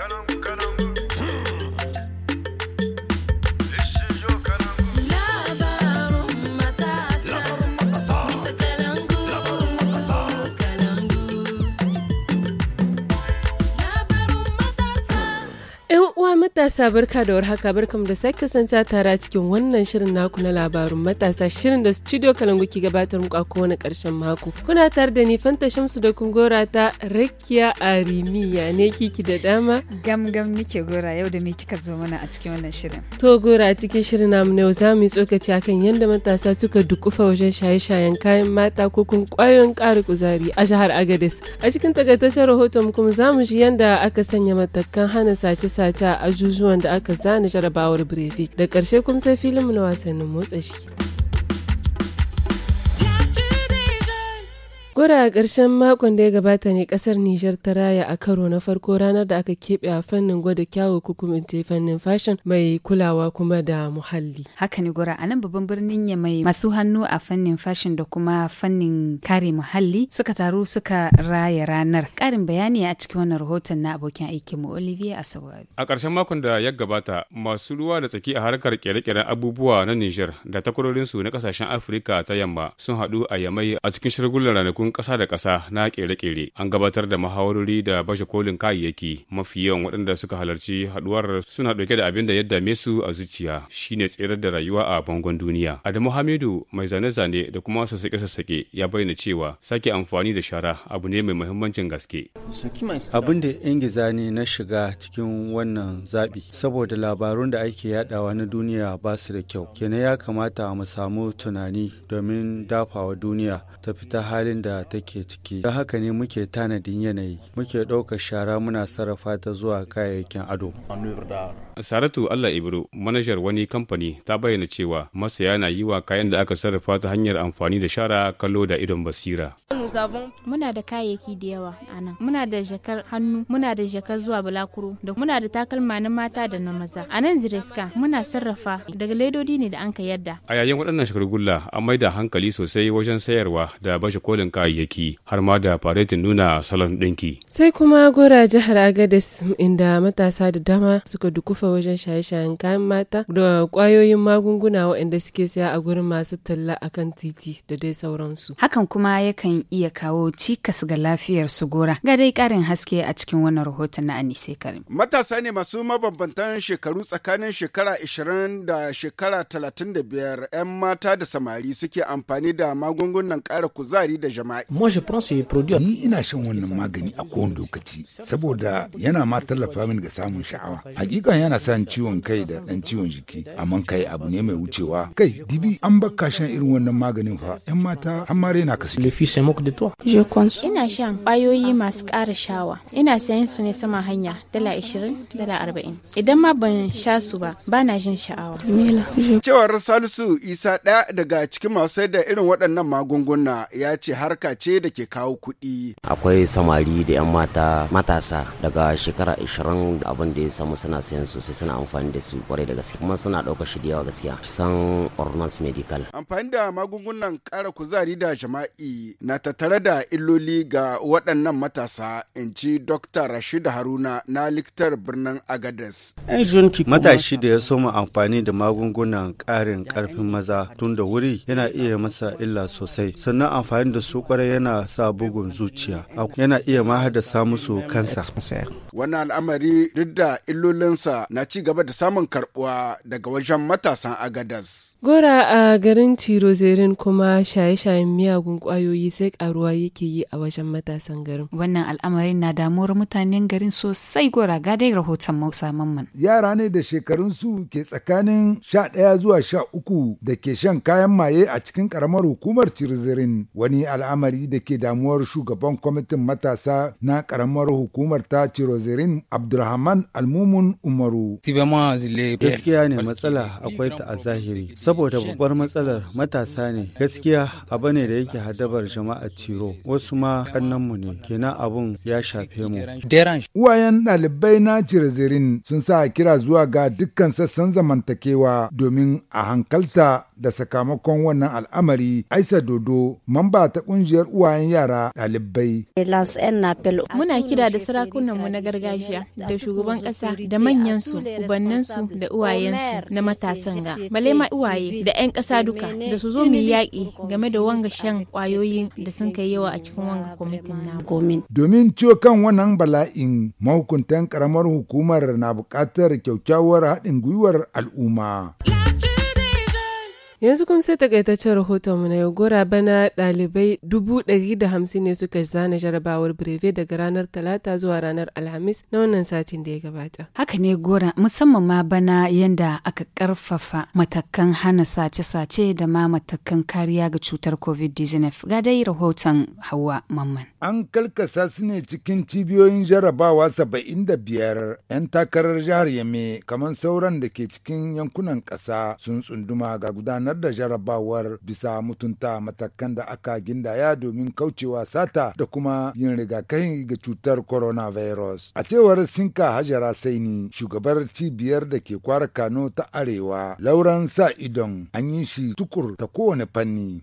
Canam, canam. Matasa barka da warhaka barkamu da sake kasance tare cikin wannan shirin naku na labarun matasa shirin da studio Kalangu ke gabatar muku a kowane karshen mako. Kuna tare da ni Fanta Shamsu da kun gora ta Rakiya Arimi ya ne kiki da dama. Gam gam nike gora yau da me kika zo mana a cikin wannan shirin. To gora a cikin shirin namu na yau za mu yi tsokaci akan yadda matasa suka dukufa wajen shaye-shayen kayan mata ko kun kwayoyin ƙara kuzari a jihar Agadez. A cikin takaitaccen rahoton kuma za mu ji yadda aka sanya matakan hana sace-sace a ajujuwan da aka zani jarabawar brevi da ƙarshe kuma sai mu na wasannin motsa shi. Kura a ƙarshen makon da ya gabata ne ƙasar Nijar ta raya a karo na farko ranar da aka keɓe a fannin gwada kyawu hukumance fannin fashion mai kulawa kuma da muhalli. Haka ne gura a nan babban birnin ya mai masu hannu a fannin fashion da kuma fannin kare muhalli suka taru suka raya ranar. Ƙarin bayani a cikin wannan rahoton na abokin mu Olivier asawari. A ƙarshen makon da ya gabata masu ruwa da tsaki a harkar ƙere-ƙeren abubuwa na Nijar da takwarorinsu na ƙasashen Afirka ta yamma sun haɗu a yamai a cikin shirgulan ranakun kasa da kasa na kere-kere an gabatar da mahawarori da bashe kolin kayayyaki mafi yawan waɗanda suka halarci haɗuwar suna ɗauke da abin da ya dame su a zuciya shine tserar da rayuwa a bangon duniya adamu hamidu mai zane-zane da kuma sassaƙe-sassaƙe ya bayyana cewa sake amfani da shara abu ne mai muhimmancin gaske abin da ingiza ne na shiga cikin wannan zaɓi saboda labarun da ake yaɗawa na duniya ba su da kyau kenan ya kamata mu samu tunani domin dafawa duniya ta fita halin da da take ciki don haka ne muke tanadin yanayi muke ɗaukar shara muna sarrafa ta zuwa kayayyakin ado saratu allah ibro manajar wani kamfani ta bayyana cewa masaya na yi wa kayan da aka sarrafa ta hanyar amfani da shara kallo da idon basira muna da kayayyaki da yawa a muna da jakar hannu muna da jakar zuwa bulakuro da muna da takalma na mata da na maza a nan zireska muna sarrafa daga ledodi ne da an ka yadda a yayin waɗannan gulla an da hankali sosai wajen sayarwa da bashi kolin kayayyaki har ma da faretin nuna salon ɗinki. Sai kuma gora jihar Agadez inda matasa da dama suka dukufa wajen shaye-shayen kayan mata da kwayoyin magunguna waɗanda suke siya a gurin masu talla akan titi da dai sauransu. Hakan kuma yakan iya kawo cikas ga lafiyar su gora. Ga dai ƙarin haske a cikin wannan rahoton na Anise Karim. Matasa ne masu mabambantan shekaru tsakanin shekara 20 da shekara 35 'yan mata da samari suke amfani da magungunan ƙara kuzari da jama'a. produit Ni ina shan wannan magani a kowane lokaci saboda yana ma tallafa min ga samun sha'awa. hakika yana sa ni ciwon kai da dan ciwon jiki, amma kai abu ne mai wucewa. Kai dibi an baka shan irin wannan maganin fa yan mata har ma rena ka Ina shan kwayoyi masu ƙara shawa. Ina sayan su ne sama hanya dala 20 dala 40. Idan ma ban sha su ba na jin sha'awa. Cewar Salisu Isa ɗaya daga cikin masu da irin waɗannan magunguna ya ce har harka ce da ke kawo kuɗi. Akwai samari da 'yan mata matasa daga shekara 20 abin da ya samu suna sayan su sai suna amfani da su kwarai da gaske kuma suna ɗaukar shi da yawa gaskiya san ordinance medical. Amfani da magungunan ƙara kuzari da jama'i na tattare da illoli ga waɗannan matasa in ci Dr. Rashid Haruna na likitar birnin Agadez. Matashi da ya soma amfani da magungunan ƙarin ƙarfin maza tun da wuri yana iya masa illa sosai sannan amfani da su kwarai yana sa bugun zuciya yana iya ma haddasa musu kansa wannan al'amari duk da illolinsa na ci gaba da samun karbuwa daga wajen matasan agadas gora a garin tirozerin kuma shaye-shayen miyagun kwayoyi sai karuwa yake yi a wajen matasan garin wannan al'amarin na damuwar mutanen garin sosai gora ga dai rahoton mausa mamman yara ne da shekarunsu ke tsakanin sha ɗaya zuwa sha uku da ke shan kayan maye a cikin ƙaramar hukumar tirozerin wani al'amari al'amari da ke damuwar shugaban kwamitin matasa na karamar hukumar ta cirozirin Abdulrahman Almumun Umaru. Gaskiya ne matsala akwai ta a zahiri, saboda babbar matsalar matasa ne gaskiya abu ne da yake hadabar jama'a Ciro, wasu ma kannanmu ne, kenan abun ya shafe mu. Uwayen ɗalibai na cirozirin sun sa kira zuwa ga dukkan sassan zamantakewa domin a hankalta da sakamakon wannan al'amari aisa dodo mamba ta kungiyar uwayen yara ɗalibai. muna kira da sarakunanmu na gargajiya da shugaban ƙasa da manyansu ubannansu da uwayensu na matasan ga malema uwaye da 'yan ƙasa duka da su zo mu yaƙi game da wanga shan ƙwayoyin da sun kai yawa a cikin wanga kwamitin na domin ciwo kan wannan bala'in mahukuntan ƙaramar hukumar na buƙatar kyaukyawar haɗin gwiwar al'umma. Yanzu kuma sai takaitaccen mu na yau gora bana dalibai dubu ɗari da hamsin ne suka zana jarabawar breve daga ranar talata zuwa ranar alhamis na wannan satin da ya gabata. Haka ne gora musamman ma bana yanda aka karfafa matakan hana sace-sace da ma matakan kariya ga cutar covid-19 ga dai rahoton hawa mamman. An kalkasa su ne cikin cibiyoyin jarabawa saba'in da biyar 'yan takarar jihar Yame kamar sauran da ke cikin yankunan ƙasa sun tsunduma ga gudanar gudanar da jarabawar bisa mutunta matakan da aka gindaya domin kaucewa sata da kuma yin rigakafi ga cutar coronavirus. A cewar Sinka Hajara Saini, shugabar cibiyar da ke kwara Kano ta Arewa, lauran Sa Idon, an yi shi tukur ta kowane fanni.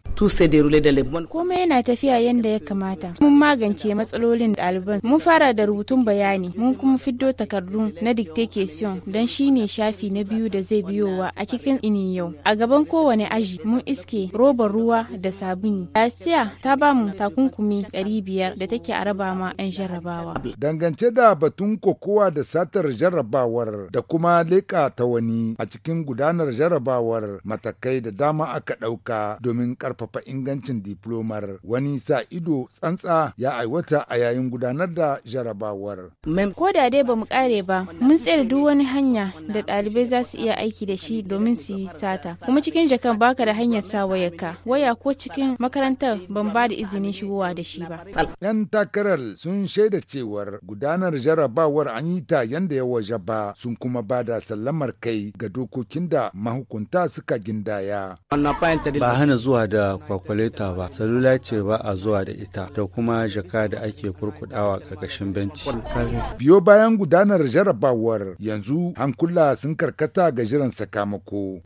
Komai yana tafiya yadda ya kamata. Mun magance matsalolin ɗaliban. Mun fara da rubutun bayani, mun kuma fiddo takardu na dictation don shine shafi na biyu da zai biyowa a cikin inin yau. A gaban kowane wani aji mun iske robar ruwa da sabuni. Asiya ta ba mu takunkumi 500 da take a raba ma 'yan jarrabawa. Dangance da batun kokowa da satar jarrabawar da kuma leƙa ta wani a cikin gudanar jarrabawar matakai da dama aka ɗauka domin ƙarfafa ingancin diplomar wani sa ido tsantsa ya aiwata a yayin gudanar da jarrabawar. Ko da dai ba mu ƙare ba, mun tsere duk wani hanya da ɗalibai za su iya aiki da shi domin su yi sata. Kuma cikin jaka kan baka da hanyar sa wayarka waya ko cikin makarantar ban ba da izinin shigowa da shi ba. Yan takarar sun shaida cewar gudanar jarabawar an yi ta yanda ya waje ba sun kuma ba da sallamar kai ga dokokin da mahukunta suka gindaya. Ba hana zuwa da kwakwaleta ba, salula ce ba a zuwa da ita da kuma jaka da ake kurkudawa karkashin benci. Biyo bayan gudanar jarabawar yanzu hankula sun karkata ga jiran sakamako.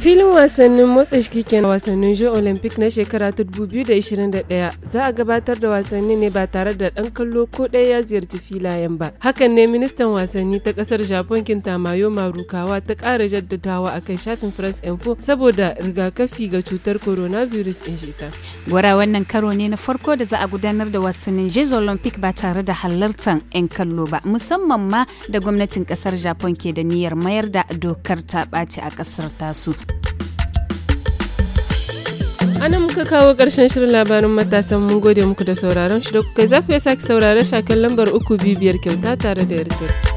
filin wasannin motsa shi kenan wasannin jeux olympic na shekara ta 2021 za a gabatar da wasanni ne ba tare da dan kallo ko daya ya ziyarci filayen ba hakan ne ministan wasanni ta kasar japan mayo marukawa ta kara jaddadawa a kan shafin france info saboda rigakafi ga cutar coronavirus in shita gwara wannan karo ne na farko da za a gudanar da wasannin jeux olympic ba tare da halartar 'yan kallo ba musamman ma da gwamnatin kasar japan ke da niyyar mayar da dokar ta ɓaci a kasar tasu anan muka kawo karshen shirin labarin matasan mun gode muku da sauraron shi da kuka za ku iya sake sauraron shakan lambar uku bibiyar kyauta tare da yarda.